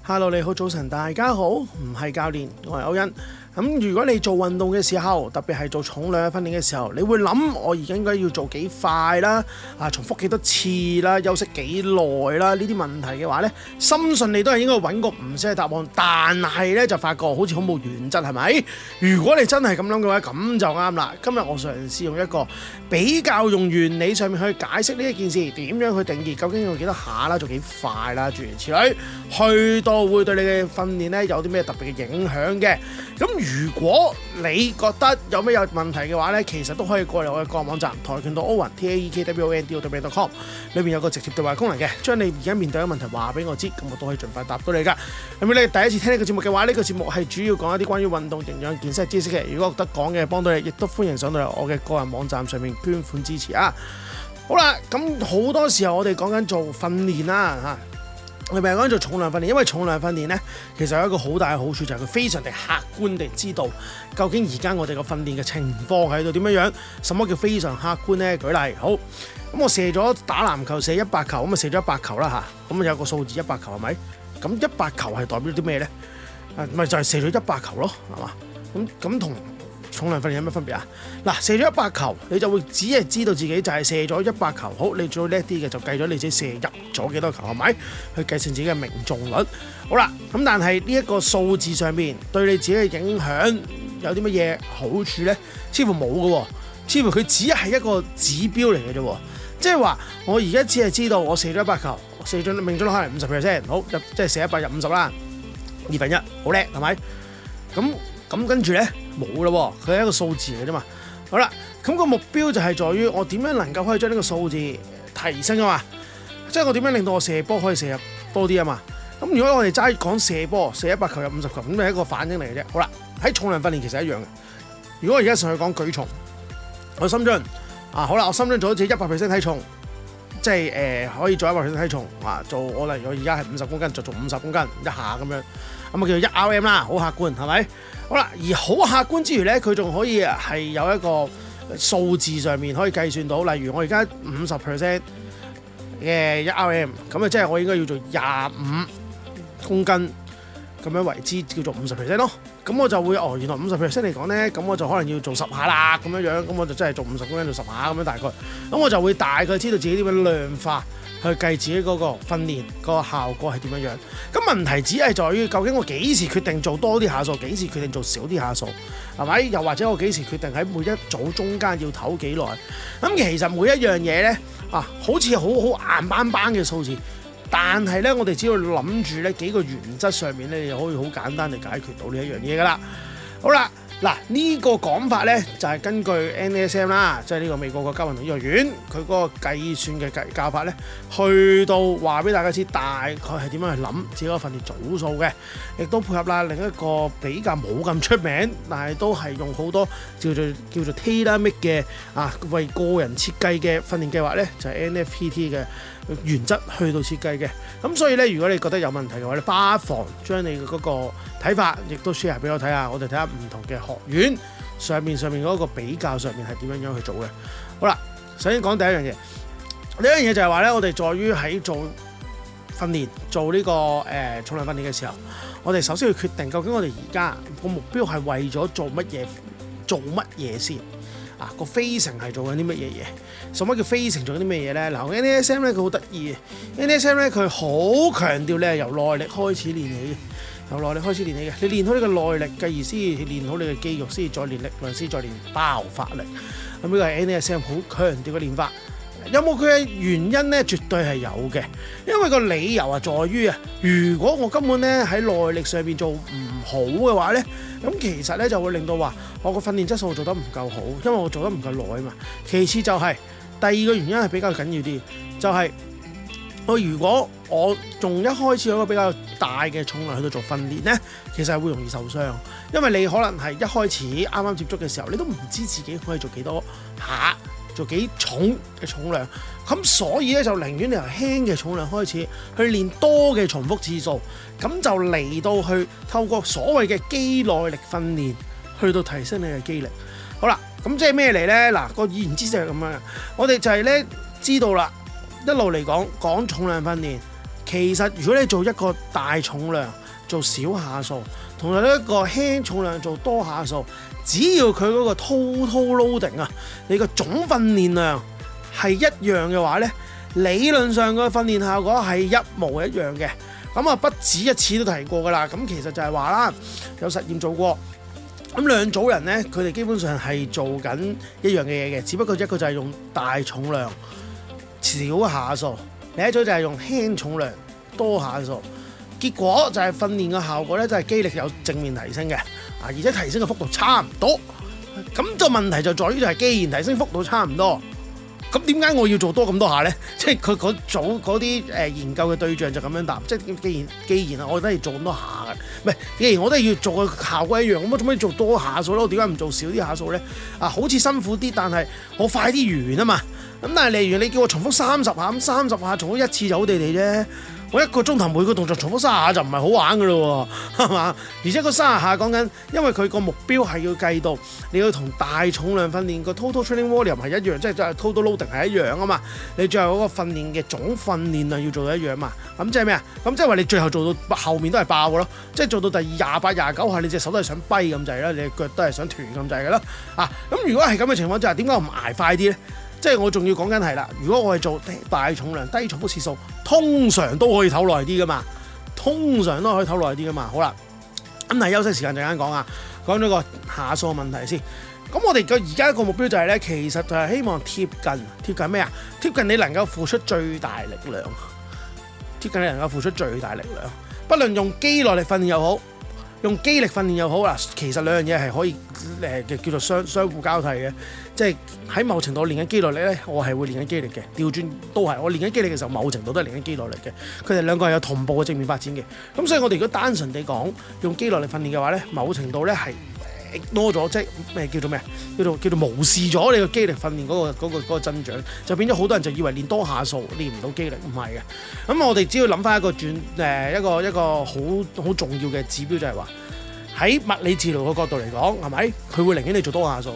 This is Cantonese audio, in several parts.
哈嘍，Hello，你好，早晨，大家好，唔係教練，我係歐恩。咁如果你做運動嘅時候，特別係做重量嘅訓練嘅時候，你會諗我而家應該要做幾快啦，啊重複幾多次啦，休息幾耐啦，呢啲問題嘅話，呢深信你都係應該揾個唔同嘅答案。但係呢，就發覺好似好冇原則係咪？如果你真係咁諗嘅話，咁就啱啦。今日我嘗試用一個比較用原理上面去解釋呢一件事，點樣去定義，究竟要做幾多下啦，做幾快啦，諸如此類，去到會對你嘅訓練呢有啲咩特別嘅影響嘅，咁。如果你覺得有咩有問題嘅話呢，其實都可以過嚟我嘅個人網站跆拳道歐雲 T A E K W O N、D、O、T A、W N D O 對面 .com 裏面，有個直接對話功能嘅，將你而家面對嘅問題話俾我知，咁我都可以盡快答到你噶。咁如果你第一次聽呢個節目嘅話，呢、呢個節目係主要講一啲關於運動營養、健身知識嘅。如果覺得講嘅幫到你，亦都歡迎上到嚟我嘅個人網站上面捐款支持啊。好啦，咁好多時候我哋講緊做訓練啦嚇。我哋咪講做重量訓練，因為重量訓練咧，其實有一個好大嘅好處，就係佢非常地客觀地知道究竟而家我哋個訓練嘅情況喺度點樣樣。什麼叫非常客觀咧？舉例，好，咁我射咗打籃球射一百球，咁啊射咗一百球啦吓，咁有個數字一百球係咪？咁一百球係代表啲咩咧？咪就係、是、射咗一百球咯，係嘛？咁咁同。重量訓練有乜分別啊？嗱，射咗一百球，你就會只係知道自己就係射咗一百球。好，你做叻啲嘅就計咗你自己射入咗幾多球，係咪？去計算自己嘅命中率。好啦，咁但係呢一個數字上邊對你自己嘅影響有啲乜嘢好處咧？似乎冇㗎喎，似乎佢只係一個指標嚟嘅啫。即係話，我而家只係知道我射咗一百球，射中命中率可能五十 percent。好，即係射一百入五十啦，二分一，好叻係咪？咁。咁跟住咧冇啦，佢係一個數字嚟嘅啫嘛。好啦，咁個目標就係在於我點樣能夠可以將呢個數字提升啊嘛，即係我點樣令到我射波可以射入多啲啊嘛。咁如果我哋齋講射波射一百球入五十球，咁咪一個反映嚟嘅啫。好啦，喺重量訓練其實一樣嘅。如果我而家上去講舉重，我深蹲啊，好啦，我深蹲做咗自己一百 percent 體重，即係誒、呃、可以做一百 percent 體重啊，做我例如而家係五十公斤，就做五十公斤一下咁樣。咁啊叫做一 RM 啦，好客觀，係咪？好啦，而好客觀之餘咧，佢仲可以係有一個數字上面可以計算到，例如我而家五十 percent 嘅一 RM，咁啊即係我應該要做廿五公斤咁樣為之叫做五十 percent 咯。咁我就會哦，原來五十 percent 嚟講咧，咁我就可能要做十下啦，咁樣樣，咁我就真係做五十公斤做十下咁樣大概，咁我就會大概知道自己點樣量化。去計自己嗰個訓練個效果係點樣樣，咁問題只係在於究竟我幾時決定做多啲下數，幾時決定做少啲下數，係咪？又或者我幾時決定喺每一組中間要唞幾耐？咁其實每一樣嘢咧啊，好似好好硬邦邦嘅數字，但係咧我哋只要諗住咧幾個原則上面咧，你就可以好簡單地解決到呢一樣嘢㗎啦。好啦。嗱，呢個講法咧就係根據 NSM 啦，即係呢個美國國家運動醫學院佢嗰個計算嘅計教法咧，去到話俾大家知大概係點樣去諗，自己嗰個訓練組數嘅，亦都配合啦另一個比較冇咁出名，但係都係用好多叫做叫做 Tailormade 嘅啊，為個人設計嘅訓練計劃咧，就係、是、NFPT 嘅。原則去到設計嘅，咁所以呢，如果你覺得有問題嘅話，你不妨將你嘅嗰個睇法，亦都 share 俾我睇下。我哋睇下唔同嘅學院上面上面嗰個比較，上面係點樣樣去做嘅？好啦，首先講第一樣嘢，第一樣嘢就係話呢，我哋在於喺做訓練、做呢、這個誒、呃、重量訓練嘅時候，我哋首先要決定究竟我哋而家個目標係為咗做乜嘢、做乜嘢先。嗱，個、啊、飛程係做緊啲乜嘢嘢？什麼叫飛程做緊啲咩嘢咧？嗱，NASM 咧佢好得意嘅，NASM 咧佢好強調你係由耐力開始練起嘅，由耐力開始練起嘅。你練好呢個耐力，繼而先練好你嘅肌肉，先至再練力量，先再，再練爆發力。咁呢個係 NASM 好強調嘅練法。啊、有冇佢嘅原因咧？絕對係有嘅，因為個理由啊，在於啊，如果我根本咧喺耐力上邊做唔好嘅話咧，咁其實咧就會令到話。我個訓練質素做得唔夠好，因為我做得唔夠耐啊嘛。其次就係、是、第二個原因係比較緊要啲，就係、是、我如果我仲一開始有個比較大嘅重量喺度做訓練呢，其實係會容易受傷，因為你可能係一開始啱啱接觸嘅時候，你都唔知道自己可以做幾多下、啊，做幾重嘅重量咁，所以咧就寧願你由輕嘅重量開始去練多嘅重複次數，咁就嚟到去透過所謂嘅肌耐力訓練。去到提升你嘅肌力，好啦，咁即係咩嚟呢？嗱、那，個語言知識係咁樣嘅，我哋就係呢，知道啦。一路嚟講講重量訓練，其實如果你做一個大重量做少下數，同埋一個輕重量做多下數，只要佢嗰個 total loading 啊，你個總訓練量係一樣嘅話呢，理論上個訓練效果係一模一樣嘅。咁啊，不止一次都提過噶啦，咁其實就係話啦，有實驗做過。咁兩組人呢，佢哋基本上係做緊一樣嘅嘢嘅，只不過一個就係用大重量少下數，另一組就係用輕重量多下數。結果就係訓練嘅效果呢，就係肌力有正面提升嘅，啊，而且提升嘅幅度差唔多。咁就問題就在於就係，既然提升幅度差唔多。咁點解我要做多咁多下咧？即係佢嗰組嗰啲研究嘅對象就咁樣答，即係既然既然啊，我都要做咁多下嘅，唔係，既然我都要做嘅效果一樣，咁我做咩做多下數咯？點解唔做少啲下數咧？啊，好似辛苦啲，但係我快啲完啊嘛。咁但係例如你叫我重複三十下，咁三十下重複一次就好地地啫。我一個鐘頭每個動作重複卅下就唔係好玩噶咯喎，係嘛？而且個卅下講緊，因為佢個目標係要計到，你要同大重量訓練個 total training volume 係一樣，即係就係 total loading 係一樣啊嘛。你最後嗰個訓練嘅總訓練啊，要做到一樣啊嘛。咁即係咩啊？咁即係話你最後做到後面都係爆噶咯，即係做到第二廿八、廿九下，你隻手都係想跛咁滯啦，你腳都係想斷咁滯嘅啦。啊，咁如果係咁嘅情況之下，點解我唔捱快啲咧？即係我仲要講緊係啦，如果我係做大重量低重複次數，通常都可以唞耐啲噶嘛，通常都可以唞耐啲噶嘛。好啦，咁係休息時間陣間講啊，講咗個下數問題先。咁我哋而家個目標就係、是、咧，其實就係希望貼近貼近咩啊？貼近你能夠付出最大力量，貼近你能夠付出最大力量，不論用肌耐力訓練又好，用肌力訓練又好啦。其實兩樣嘢係可以誒、呃、叫做相相互交替嘅。即係喺某程度練緊肌耐力咧，我係會練緊肌力嘅。調轉都係我練緊肌力嘅時候，某程度都係練緊肌耐力嘅。佢哋兩個係有同步嘅正面發展嘅。咁所以我哋如果單純地講用肌耐力訓練嘅話咧，某程度咧係多咗，即係咩、呃、叫做咩叫做叫做、叫做無視咗你個肌力訓練嗰個嗰個嗰個增長，就變咗好多人就以為練多下數練唔到肌力，唔係嘅。咁我哋只要諗翻一個轉誒、呃、一個一個好好重要嘅指標就係話喺物理治療嘅角度嚟講，係咪佢會寧願你做多下數？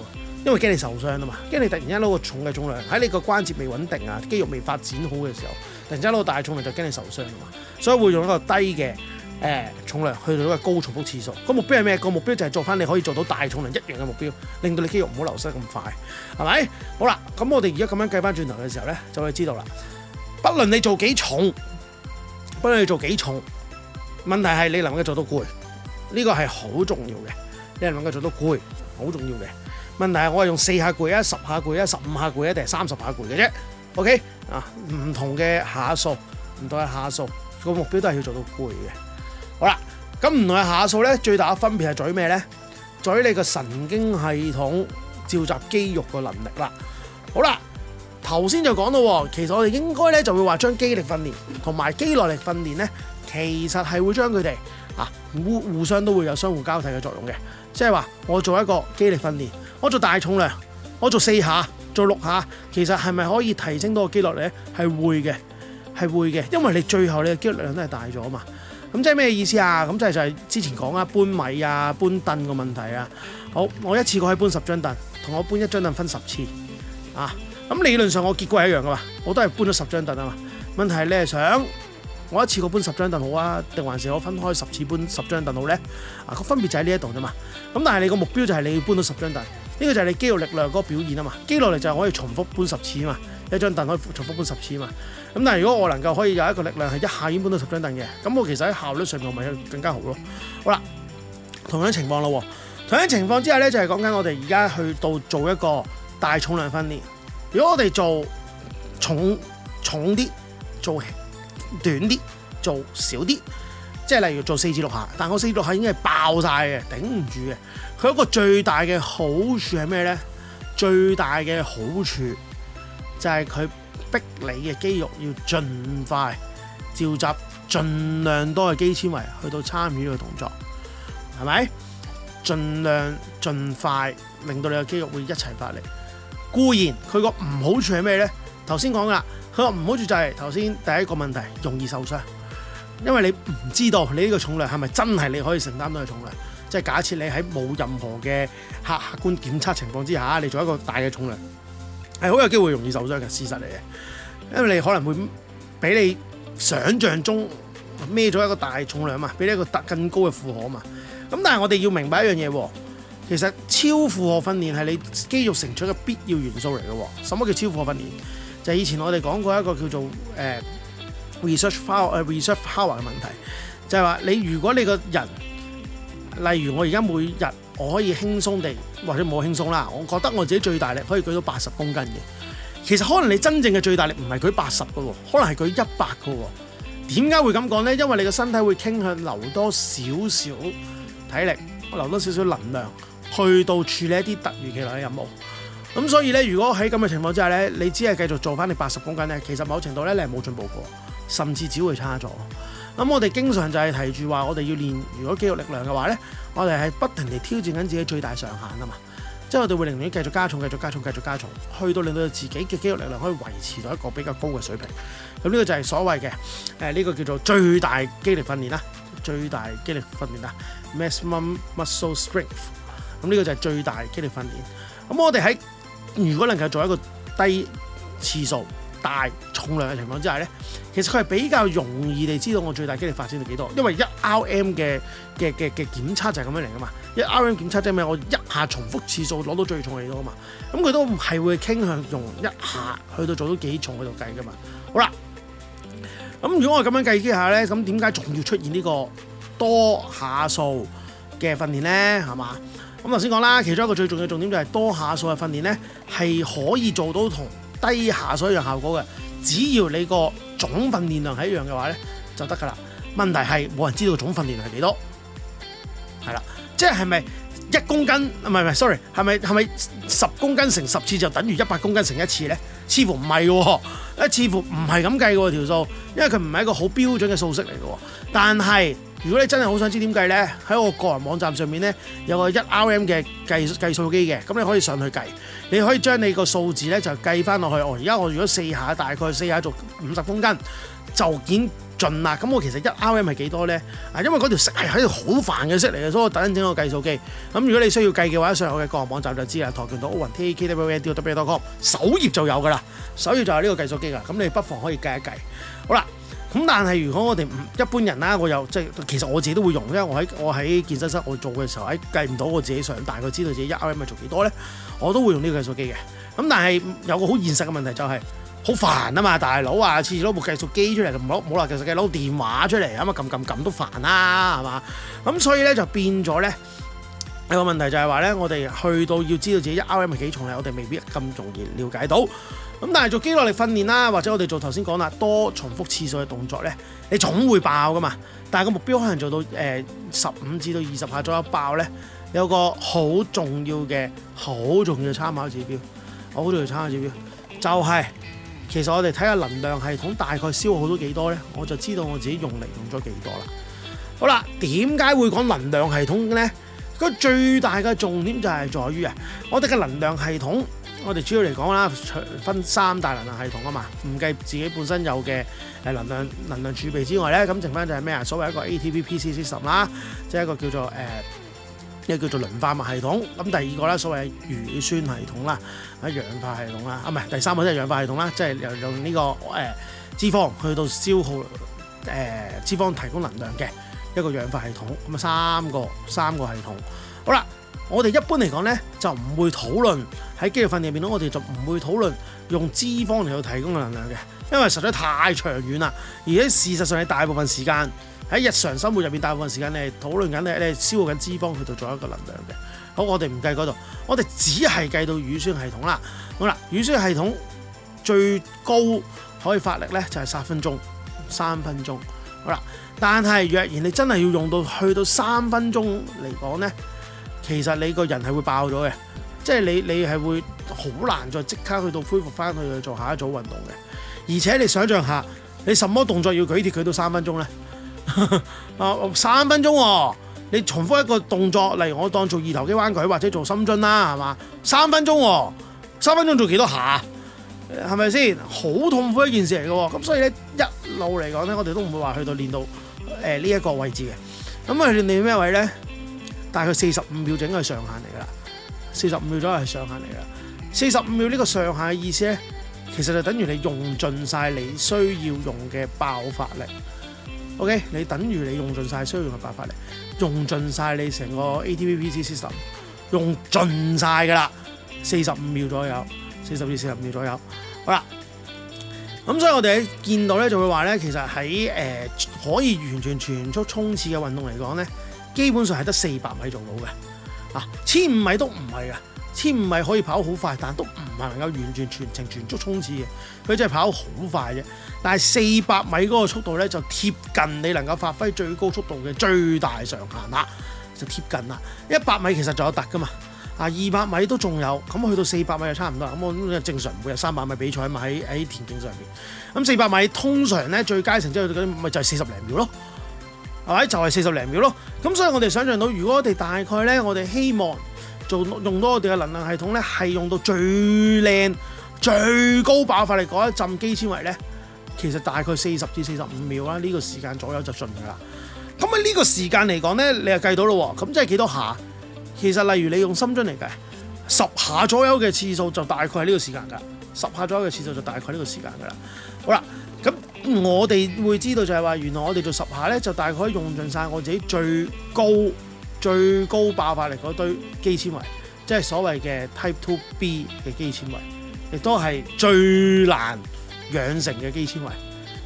因為驚你受傷啊嘛，驚你突然間攞個重嘅重量喺你個關節未穩定啊，肌肉未發展好嘅時候，突然間攞個大重量就驚你受傷啊嘛，所以會用一個低嘅誒、呃、重量去到一個高重複次數。個目標係咩？個目標就係做翻你可以做到大重量一樣嘅目標，令到你肌肉唔好流失咁快，係咪？好啦，咁我哋而家咁樣計翻轉頭嘅時候咧，就可以知道啦。不論你做幾重，不論你做幾重，問題係你能夠做到攰，呢、呢個係好重要嘅。你能夠做到攰，好重要嘅。問題係我係用四下攰啊，十下攰啊，十五下攰啊，定係三十下攰嘅啫。OK 啊，唔同嘅下數，唔同嘅下數個目標都係要做到攰嘅。好啦，咁唔同嘅下數咧，最大嘅分別係在於咩咧？在於你個神經系統召集肌肉嘅能力啦。好啦，頭先就講到，其實我哋應該咧就會話將肌力訓練同埋肌耐力訓練咧，其實係會將佢哋啊互互相都會有相互交替嘅作用嘅，即係話我做一個肌力訓練。我做大重量，我做四下，做六下，其實係咪可以提升到個肌力咧？係會嘅，係會嘅，因為你最後你嘅肌肉力量都係大咗啊嘛。咁即係咩意思啊？咁即係就係之前講啊，搬米啊，搬凳個問題啊。好，我一次過可以搬十張凳，同我搬一張凳分十次啊。咁理論上我結果係一樣㗎嘛，我都係搬咗十張凳啊嘛。問題係你係想我一次過搬十張凳好啊，定還是我分開十次搬十張凳好咧？啊，個分別就喺呢一度啫嘛。咁但係你個目標就係你要搬到十張凳。呢個就係你肌肉力量嗰個表現啊嘛，肌落嚟就係可以重複搬十次啊嘛，一張凳可以重複搬十次啊嘛。咁但係如果我能夠可以有一個力量係一下已經搬到十張凳嘅，咁我其實喺效率上面咪更加好咯。好啦，同樣情況咯，同樣情況之下咧就係講緊我哋而家去到做一個大重量訓練。如果我哋做重重啲，做短啲，做少啲，即係例如做四至六下，但我四至六下已經係爆晒嘅，頂唔住嘅。佢一個最大嘅好處係咩呢？最大嘅好處就係佢逼你嘅肌肉要盡快召集盡量多嘅肌纖維去到參與呢個動作，係咪？盡量盡快令到你嘅肌肉會一齊發力。固然佢個唔好處係咩呢？頭先講㗎，佢個唔好處就係頭先第一個問題，容易受傷，因為你唔知道你呢個重量係咪真係你可以承擔到嘅重量。即係假設你喺冇任何嘅客客觀檢測情況之下，你做一個大嘅重量，係好有機會容易受傷嘅事實嚟嘅。因為你可能會俾你想像中孭咗一個大重量嘛，俾你一個更高嘅負荷嘛。咁但係我哋要明白一樣嘢喎，其實超負荷訓練係你肌肉成長嘅必要元素嚟嘅。什麼叫超負荷訓練？就係以前我哋講過一個叫做誒、呃、research power 誒 research power 嘅問題，就係話你如果你個人例如我而家每日我可以輕鬆地或者冇輕鬆啦，我覺得我自己最大力可以舉到八十公斤嘅。其實可能你真正嘅最大力唔係舉八十個喎，可能係舉一百個喎。點解會咁講呢？因為你個身體會傾向留多少少體力，留多少少能量去到處理一啲突如其來嘅任務。咁所以呢，如果喺咁嘅情況之下呢，你只係繼續做翻你八十公斤呢，其實某程度呢，你係冇進步過，甚至只會差咗。咁我哋經常就係提住話，我哋要練如果肌肉力量嘅話咧，我哋係不停地挑戰緊自己最大上限啊嘛！即係我哋會寧願繼續加重、繼續加重、繼續加重，去到令到自己嘅肌肉力量可以維持到一個比較高嘅水平。咁呢個就係所謂嘅誒呢個叫做最大肌力訓練啦，最大肌力訓練啦 maximum muscle strength。咁呢個就係最大肌力訓練。咁我哋喺如果能夠做一個低次數，大重量嘅情況之下咧，其實佢係比較容易地知道我最大肌力發展到幾多，因為一 RM 嘅嘅嘅嘅檢測就係咁樣嚟噶嘛。一 RM 檢測即係咩？我一下重複次數攞到最重幾多啊嘛。咁佢都唔係會傾向用一下去到做到幾重嗰度計噶嘛。好啦，咁如果我咁樣計之下咧，咁點解仲要出現呢個多下數嘅訓練咧？係嘛？咁頭先講啦，其中一個最重要的重點就係多下數嘅訓練咧，係可以做到同。低下所以樣效果嘅，只要你個總訓練量係一樣嘅話呢，就得噶啦。問題係冇人知道總訓練量係幾多，係啦，即係係咪一公斤唔係唔係，sorry，係咪係咪十公斤乘十次就等於一百公斤乘一次呢？似乎唔係嘅，誒，似乎唔係咁計嘅條數，因為佢唔係一個好標準嘅數式嚟嘅，但係。如果你真係好想知點計咧，喺我個人網站上面咧有個一 RM 嘅計計數機嘅，咁你可以上去計。你可以將你個數字咧就計翻落去。哦，而家我如果四下，大概四下做五十公斤就已經盡啦。咁我其實一 RM 係幾多咧？啊，因為嗰條式係喺度好煩嘅式嚟嘅，所以我特登整個計數機。咁如果你需要計嘅話，上我嘅個人網站就知啦。跆拳道 Owentaekwondowen.com，首頁就有㗎啦，首頁就係呢個計數機㗎。咁你不妨可以計一計。咁但係如果我哋唔一般人啦，我又，即係，其實我自己都會用，因為我喺我喺健身室我做嘅時候，喺計唔到我自己想大概知道自己一 RM 係做幾多咧，我都會用呢個計數機嘅。咁但係有個好現實嘅問題就係好煩啊嘛，大佬啊，次次攞部計數機出嚟就唔攞冇啦，其實攞電話出嚟咁啊撳撳撳都煩啦，係嘛？咁所以咧就變咗咧有個問題就係話咧，我哋去到要知道自己一 RM 係幾重，我哋未必咁容易了解到。咁但係做肌耐力訓練啦，或者我哋做頭先講啦，多重複次數嘅動作呢，你總會爆㗎嘛。但係個目標可能做到誒十五至到二十下左右爆呢，有個好重要嘅、好重要嘅參考指標，好重要參考指標就係、是、其實我哋睇下能量系統大概消耗咗幾多呢，我就知道我自己用力用咗幾多啦。好啦，點解會講能量系統呢？個最大嘅重點就係在於啊，我哋嘅能量系統。我哋主要嚟講啦，分三大能量系統啊嘛，唔計自己本身有嘅誒能量能量儲備之外咧，咁剩翻就係咩啊？所謂一個 ATP-PC system 啦，即係一個叫做誒，一個叫做磷化物系統。咁第二個咧，所謂乳酸系統啦，啊氧化系統啦，啊唔係第三個即係氧化系統啦，即係用用呢個誒脂肪去到消耗誒脂肪提供能量嘅一個氧化系統。咁啊三個三個系統，好啦。我哋一般嚟講呢，就唔會討論喺肌肉訓練入面呢，我哋就唔會討論用脂肪嚟到提供嘅能量嘅，因為實在太長遠啦。而且事實上，你大部分時間喺日常生活入面，大部分時間你係討論緊你消耗緊脂肪去到做一個能量嘅。好，我哋唔計嗰度，我哋只係計到乳酸系統啦。好啦，乳酸系統最高可以發力呢，就係三分鐘，三分鐘。好啦，但係若然你真係要用到去到三分鐘嚟講呢。其實你個人係會爆咗嘅，即係你你係會好難再即刻去到恢復翻去做下一組運動嘅。而且你想象一下，你什麼動作要舉鐵佢到三分鐘呢、 啊？三分鐘、哦，你重複一個動作，例如我當做二頭肌彎舉或者做深蹲啦，係嘛？三分鐘、哦，三分鐘做幾多下？係咪先？好痛苦一件事嚟嘅。咁所以呢，一路嚟講呢，我哋都唔會話去到練到呢一個位置嘅。咁啊練咩位呢？大概四十五秒整係上限嚟㗎啦，四十五秒左右係上限嚟㗎啦。四十五秒呢個上限嘅意思咧，其實就等於你用盡晒你需要用嘅爆發力。O.K. 你等於你用盡晒需要用嘅爆發力，用盡晒你成個 ATP-PC system，用盡晒㗎啦。四十五秒左右，四十至四十五秒左右。好啦，咁所以我哋見到咧就會話咧，其實喺誒、呃、可以完全全速衝刺嘅運動嚟講咧。基本上係得四百米做到嘅，啊千五米都唔係啊，千五米可以跑好快，但都唔係能夠完全全程全速衝刺嘅，佢真係跑好快嘅，但係四百米嗰個速度咧就貼近你能夠發揮最高速度嘅最大上限啦，就貼近啦。一百米其實仲有突噶嘛，啊二百米都仲有，咁去到四百米就差唔多。咁我正常唔會有三百米比賽嘛，喺喺田徑上邊。咁四百米通常咧最佳成績嗰啲咪就係四十零秒咯。係就係四十零秒咯。咁所以我哋想象到，如果我哋大概咧，我哋希望做用到我哋嘅能量系統咧，係用到最靚、最高爆發力嗰一浸肌纖維咧，其實大概四十至四十五秒啦，呢個時間左右就盡㗎啦。咁喺呢個時間嚟講咧，你又計到咯。咁即係幾多下？其實例如你用深蹲嚟計，十下左右嘅次數就大概係呢個時間㗎，十下左右嘅次數就大概呢個時間㗎啦。好啦。我哋會知道就係話，原來我哋做十下呢，就大概用盡晒我自己最高最高爆發力嗰堆肌纖維，即係所謂嘅 Type Two B 嘅肌纖維，亦都係最難養成嘅肌纖維，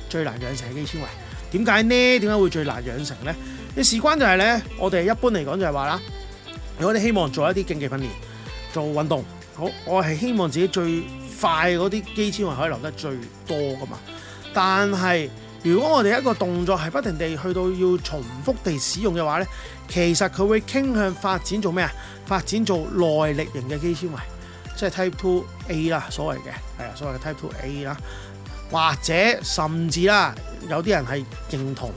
最難養成嘅肌纖維。點解呢？點解會最難養成呢？你事關就係呢，我哋一般嚟講就係話啦，如果你希望做一啲競技訓練、做運動，好，我係希望自己最快嗰啲肌纖維可以留得最多㗎嘛。但係，如果我哋一個動作係不停地去到要重複地使用嘅話呢，其實佢會傾向發展做咩啊？發展做耐力型嘅肌纖維，即係 type two a 啦，所謂嘅係啊，所謂嘅 type two a 啦，或者甚至啦，有啲人係認同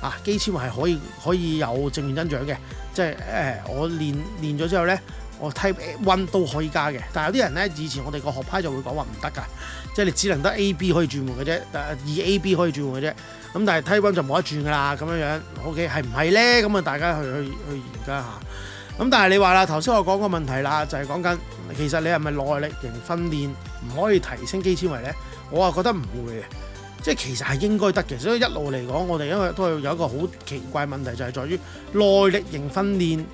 啊，肌纖維係可以可以有正面增長嘅，即係、呃、我練練咗之後呢。我 type one 都可以加嘅，但係有啲人咧，以前我哋個學派就會講話唔得㗎，即係你只能得 A B 可以轉換嘅啫，誒、呃、二 A B 可以轉換嘅啫，咁但係 type one 就冇得轉㗎啦，咁樣樣，O K 係唔係咧？咁、OK，啊，大家去去去研究一下。咁但係你話啦，頭先我講個問題啦，就係講緊其實你係咪耐力型訓練唔可以提升肌纖維咧？我啊覺得唔會嘅，即係其實係應該得嘅。所以一路嚟講，我哋因為都係有一個好奇怪嘅問題，就係、是、在於耐力型訓練。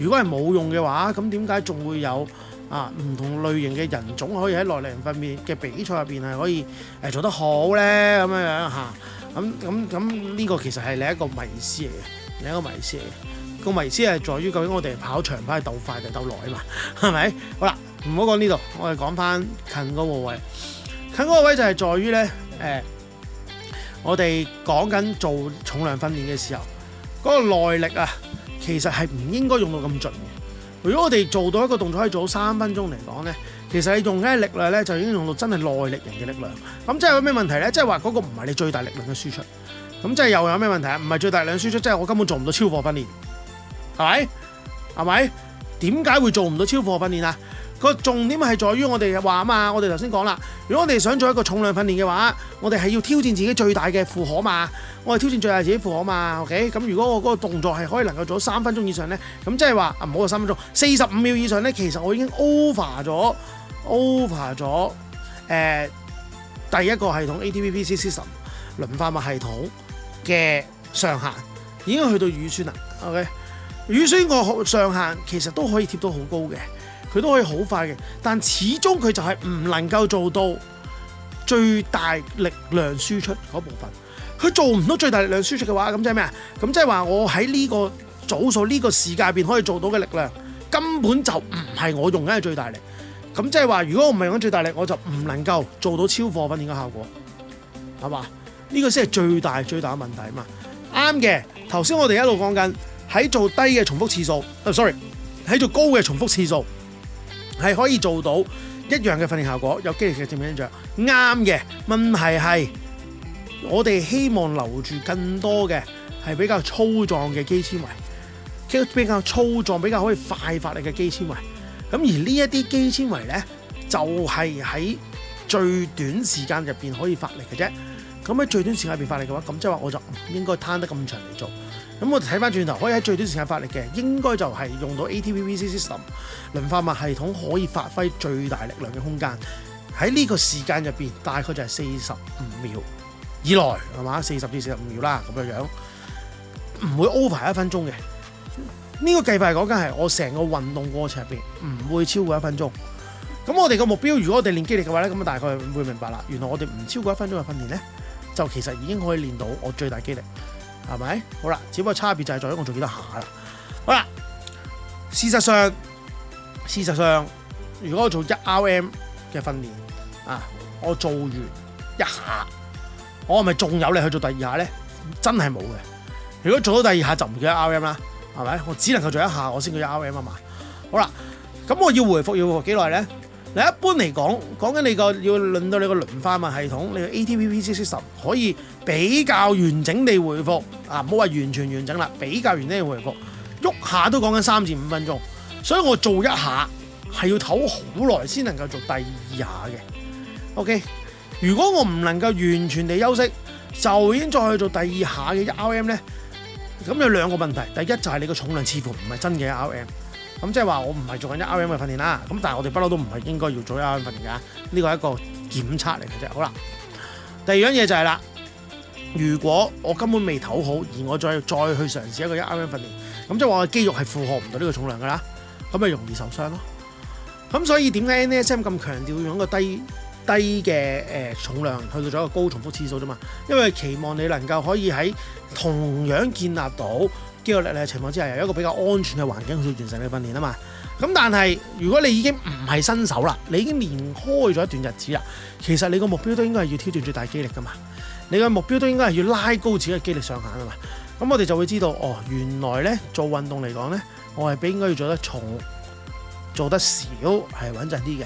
如果係冇用嘅話，咁點解仲會有啊唔同類型嘅人種可以喺耐力訓練嘅比賽入邊係可以誒做得好咧？咁樣、啊、樣嚇，咁咁咁呢個其實係另一個迷思嚟嘅，另一個迷思嚟嘅。個迷思係在於究竟我哋跑長跑係鬥快定鬥耐啊嘛？係 咪？好啦，唔好講呢度，我哋講翻近嗰個位。近嗰個位就係在於咧誒、呃，我哋講緊做重量訓練嘅時候，嗰、嗰個耐力啊。其實係唔應該用到咁盡嘅。如果我哋做到一個動作可以做到三分鐘嚟講呢，其實你用嘅力量呢，就已經用到真係耐力型嘅力量。咁即係有咩問題呢？即係話嗰個唔係你最大力量嘅輸出。咁即係又有咩問題啊？唔係最大力量嘅輸出，即係我根本做唔到超負訓練，係咪？係咪？點解會做唔到超負訓練啊？個重點係在於我哋話啊嘛，我哋頭先講啦，如果我哋想做一個重量訓練嘅話，我哋係要挑戰自己最大嘅負荷嘛，我哋挑戰最大自己的負荷嘛，OK？咁如果我嗰個動作係可以能夠做三分鐘以上呢，咁即係話啊唔好話三分鐘，四十五秒以上呢，其實我已經 over 咗，over 咗誒、呃、第一個系統 ATP-PC system 磷化物系統嘅上限已經去到乳酸啦，OK？乳酸個上限其實都可以貼到好高嘅。佢都可以好快嘅，但始終佢就係唔能夠做到最大力量輸出嗰部分。佢做唔到最大力量輸出嘅話，咁即係咩啊？咁即係話我喺呢個組數呢個時間入邊可以做到嘅力量根本就唔係我用緊嘅最大力。咁即係話，如果我唔係用緊最大力，我就唔能夠做到超貨分點嘅效果，係嘛？呢個先係最大最大嘅問題啊嘛。啱嘅，頭先我哋一路講緊喺做低嘅重複次數，啊，sorry，喺做高嘅重複次數。係可以做到一樣嘅訓練效果，有機力嘅，正面印象。啱嘅。問題係我哋希望留住更多嘅係比較粗壯嘅肌纖維，即比較粗壯、比較可以快發力嘅肌纖維。咁而呢一啲肌纖維咧，就係喺最短時間入邊可以發力嘅啫。咁喺最短時間入邊發力嘅話，咁即係話我就唔應該攤得咁長嚟做。咁我哋睇翻轉頭，可以喺最短時間發力嘅，應該就係用到 ATPVC system 磷化物系統可以發揮最大力量嘅空間。喺呢個時間入面，大概就係四十五秒以內，係嘛？四十至四十五秒啦，咁樣樣，唔會 over 一分鐘嘅。呢個計劃講緊係我成個運動過程入面唔會超過一分鐘。咁我哋個目標，如果我哋練肌力嘅話咧，咁大概會明白啦。原來我哋唔超過一分鐘嘅訓練咧，就其實已經可以練到我最大肌力。係咪？好啦，只不過差別就係在於我做幾多下啦。好啦，事實上，事實上，如果我做一 RM 嘅訓練啊，我做完一下，我係咪仲有力去做第二下咧？真係冇嘅。如果做到第二下就唔叫一 RM 啦，係咪？我只能夠做一下，我先叫一 RM 啊嘛。好啦，咁我要回復要回復幾耐咧？嗱，一般嚟講，講緊你個要輪到你個磷化物系統，你個 ATP、PC、system 可以比較完整地恢復啊！唔好話完全完整啦，比較完整地恢復。喐下都講緊三至五分鐘，所以我做一下係要唞好耐先能夠做第二下嘅。OK，如果我唔能夠完全地休息，就已經再去做第二下嘅一 RM 咧，咁有兩個問題，第一就係你個重量似乎唔係真嘅一 RM。咁即係話我唔係做緊一 RM 嘅訓練啦，咁但係我哋不嬲都唔係應該要做一 RM 訓練㗎。呢個係一個檢測嚟嘅啫。好啦，第二樣嘢就係、是、啦，如果我根本未唞好，而我再再去嘗試一個一 RM 訓練，咁即係話我肌肉係負荷唔到呢個重量㗎啦，咁咪容易受傷咯。咁所以點解 NSM 咁強調用一個低低嘅誒重量去到咗一個高重複次數啫嘛？因為期望你能夠可以喺同樣建立到。肌肉力量嘅情況之下，有一個比較安全嘅環境去完成你嘅訓練啊嘛。咁但係如果你已經唔係新手啦，你已經練開咗一段日子啦，其實你個目標都應該係要挑戰最大肌力噶嘛。你個目標都應該係要拉高自己嘅肌力上限啊嘛。咁我哋就會知道，哦，原來咧做運動嚟講咧，我係比應該要做得重，做得少係穩陣啲嘅。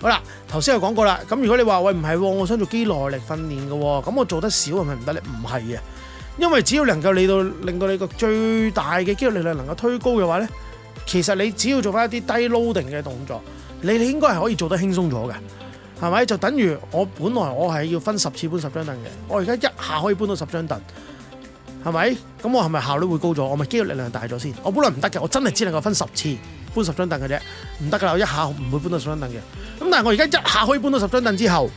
好啦，頭先又講過啦。咁如果你話喂唔係喎，我想做肌耐力訓練嘅喎，咁我做得少係咪唔得咧？唔係啊。因為只要能夠你到令到你個最大嘅肌肉力量能夠推高嘅話呢，其實你只要做翻一啲低 loading 嘅動作，你你應該係可以做得輕鬆咗嘅，係咪？就等於我本來我係要分十次搬十張凳嘅，我而家一下可以搬到十張凳，係咪？咁我係咪效率會高咗？我咪肌肉力量大咗先？我本來唔得嘅，我真係只能夠分十次搬十張凳嘅啫，唔得噶啦，我一下唔會搬到十張凳嘅。咁但係我而家一下可以搬到十張凳之後。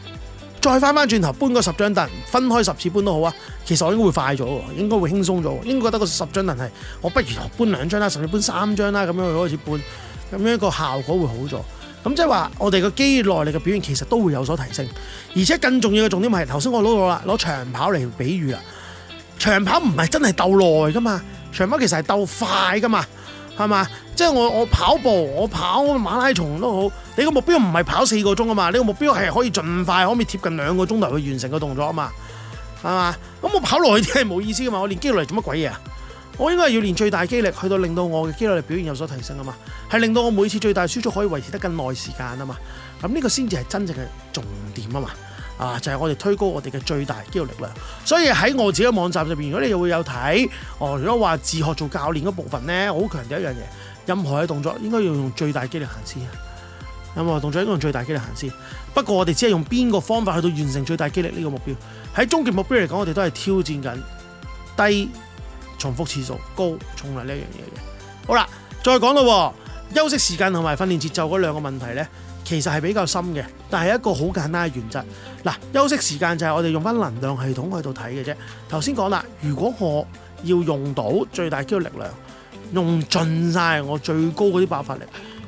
再翻翻轉頭搬個十張凳，分開十次搬都好啊。其實我應該會快咗，應該會輕鬆咗，應該覺得個十張凳係我不如搬兩張啦，甚至搬三張啦，咁樣去開始搬，咁樣個效果會好咗。咁即係話我哋個肌耐力嘅表現其實都會有所提升，而且更重要嘅重點係頭先我攞到啦，攞長跑嚟比喻啊，長跑唔係真係鬥耐㗎嘛，長跑其實係鬥快㗎嘛。係嘛？即係我我跑步，我跑馬拉松都好。你個目標唔係跑四個鐘啊嘛？你個目標係可以盡快可唔可以貼近兩個鐘頭去完成個動作啊嘛？係嘛？咁我跑耐啲係冇意思噶嘛？我練肌肉嚟做乜鬼嘢啊？我應該係要練最大肌力，去到令到我嘅肌肉力表現有所提升啊嘛？係令到我每次最大輸出可以維持得更耐時間啊嘛？咁呢個先至係真正嘅重點啊嘛！啊，就係、是、我哋推高我哋嘅最大肌肉力量，所以喺我自己嘅網站入邊，如果你又會有睇，哦，如果話自學做教練嗰部分呢，我好強調一樣嘢，任何嘅動作應該要用最大肌力行先。任何動作應該用最大肌力行先。不過我哋只係用邊個方法去到完成最大肌力呢個目標？喺終極目標嚟講，我哋都係挑戰緊低重複次數、高重量呢一樣嘢嘅。好啦，再講咯，休息時間同埋訓練節奏嗰兩個問題咧。其實係比較深嘅，但係一個好簡單嘅原則。嗱，休息時間就係我哋用翻能量系統去度睇嘅啫。頭先講啦，如果我要用到最大肌肉力量，用盡晒我最高嗰啲爆發力，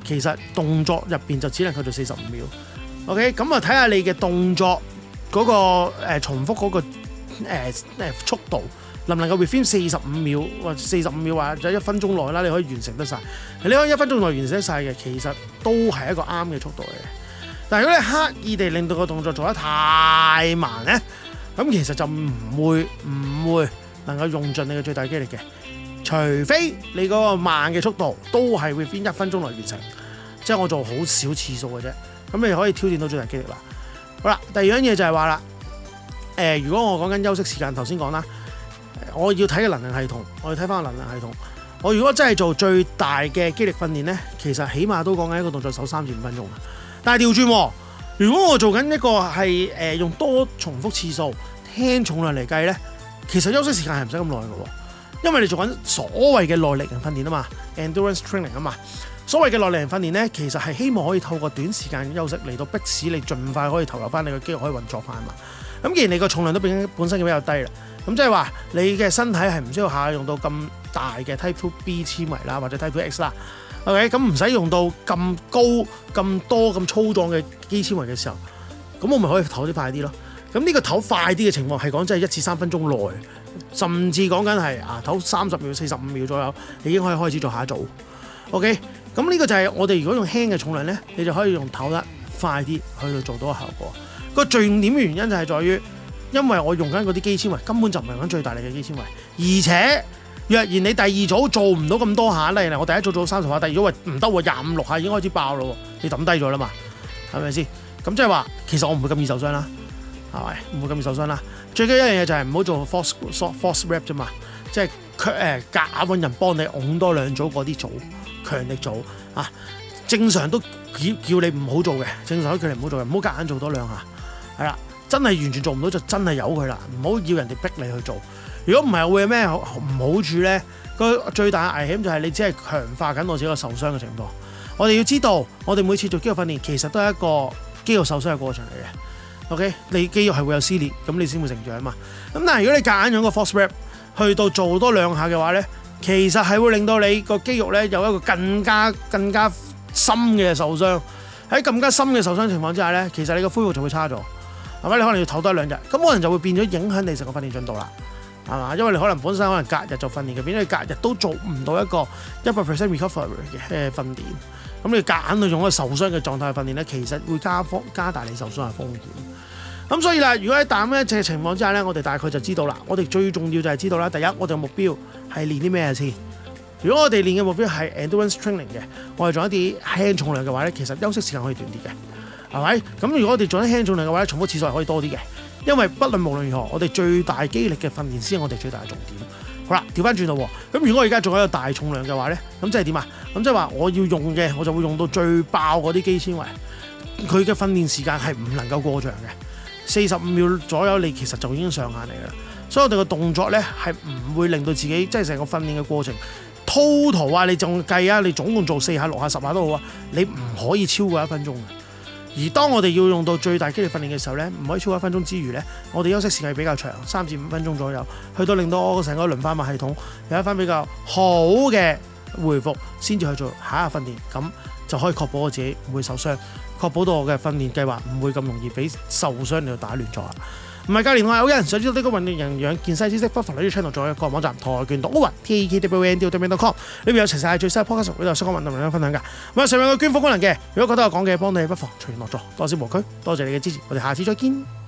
其實動作入邊就只能夠做四十五秒。OK，咁啊睇下你嘅動作嗰個、呃、重複嗰個誒、呃、速度，能唔能夠 within 四十五秒或者四十五秒或者一分鐘內啦，你可以完成得晒。你可以一分鐘內完成得晒嘅，其實。都係一個啱嘅速度嚟嘅，但係如果你刻意地令到個動作做得太慢呢，咁其實就唔會唔會能夠用盡你嘅最大肌力嘅，除非你嗰個慢嘅速度都係會邊一分鐘嚟完成，即係我做好少次數嘅啫，咁你可以挑戰到最大肌力啦。好啦，第二樣嘢就係話啦，誒、呃，如果我講緊休息時間，頭先講啦，我要睇嘅能量系統，我要睇翻個能量系統。我如果我真係做最大嘅肌力訓練呢，其實起碼都講緊一個動作，守三至五分鐘。但係調轉，如果我做緊一個係、呃、用多重複次數、輕重量嚟計呢，其實休息時間係唔使咁耐喎！因為你做緊所謂嘅耐力人訓練啊嘛，endurance training 啊嘛。所謂嘅耐力人訓練呢，其實係希望可以透過短時間休息嚟到迫使你盡快可以投入翻你嘅肌肉可以運作翻嘛。咁既然你個重量都本身比較低啦，咁即係話你嘅身體係唔需要下用到咁大嘅 type two B 纖維啦，或者 type X 啦，OK 咁唔使用到咁高、咁多、咁粗壯嘅肌纖維嘅時候，咁我咪可以唞啲快啲咯。咁呢個唞快啲嘅情況係講真係一至三分鐘內，甚至講緊係啊唞三十秒、四十五秒左右，你已經可以開始做下一組。OK，咁呢個就係我哋如果用輕嘅重量咧，你就可以用唞得快啲去到做到個效果。個重點原因就係在於，因為我用緊嗰啲肌纖維根本就唔係用緊最大力嘅肌纖維，而且。若然你第二組做唔到咁多下，例如我第一組做三十下，第二組喂唔得喎，廿五六下已經開始爆啦，你抌低咗啦嘛，係咪先？咁即係話其實我唔會咁易受傷啦，係咪？唔會咁易受傷啦。最緊要一樣嘢就係唔好做 forced, forced rep 啫嘛，即係誒夾硬揾人幫你擁多兩組嗰啲組強力組啊，正常都叫，叫你唔好做嘅，正常都叫你唔好做嘅，唔好夾硬做多兩下。係啦，真係完全做唔到就真係由佢啦，唔好要人哋逼你去做。如果唔係會有咩唔好處呢？個最大嘅危險就係你只係強化緊我自己個受傷嘅情況。我哋要知道，我哋每次做肌肉訓練其實都係一個肌肉受傷嘅過程嚟嘅。OK，你肌肉係會有撕裂，咁你先會成長啊嘛。咁但係如果你夾硬用個 force wrap 去到做多兩下嘅話呢，其實係會令到你個肌肉呢有一個更加更加深嘅受傷。喺更加深嘅受傷情況之下呢，其實你個恢復就會差咗，係咪？你可能要唞多一兩日，咁可能就會變咗影響你成個訓練進度啦。係嘛？因為你可能本身可能隔日就訓練嘅，變咗隔日都做唔到一個一百 percent recovery 嘅訓練。咁你夾硬去用個受傷嘅狀態去訓練咧，其實會加加大你受傷嘅風險。咁所以啦，如果喺咁一隻情況之下咧，我哋大概就知道啦。我哋最重要就係知道啦。第一，我哋嘅目標係練啲咩先？如果我哋練嘅目標係 endurance training 嘅，我哋做一啲輕重量嘅話咧，其實休息時間可以短啲嘅，係咪？咁如果我哋做啲輕重量嘅話咧，重複次數係可以多啲嘅。因為不論無論如何，我哋最大肌力嘅訓練先係我哋最大嘅重點。好啦，調翻轉咯。咁如果我而家做一個大重量嘅話咧，咁即係點啊？咁即係話我要用嘅，我就會用到最爆嗰啲肌纖維。佢嘅訓練時間係唔能夠過長嘅，四十五秒左右你其實就已經上限嚟嘅啦。所以我哋嘅動作咧係唔會令到自己即係成個訓練嘅過程 total 啊，你仲計啊，你總共做四下、六下、十下都好啊，你唔可以超過一分鐘。而當我哋要用到最大肌力訓練嘅時候呢，唔可以超過一分鐘之餘呢，我哋休息時間比較長，三至五分鐘左右，去到令到我成個輪番馬系統有一番比較好嘅回復先至去做下一個訓練，咁就可以確保我自己唔會受傷，確保到我嘅訓練計劃唔會咁容易俾受傷你打亂咗喇。唔係教練，我係 Owen，想知道呢個運動營養健身知識，不妨留意 channel 仲有個網站跆拳道 Owen，T、A、E、K、W、O、N、D、O、W、E、N、C、O、M，呢邊有齊曬最新 podcast 同呢度相關運動文章分享㗎。咁上面有個捐款功能嘅，如果覺得我講嘅幫你不，不妨隨落咗多謝無區多謝你嘅支持，我哋下次再見。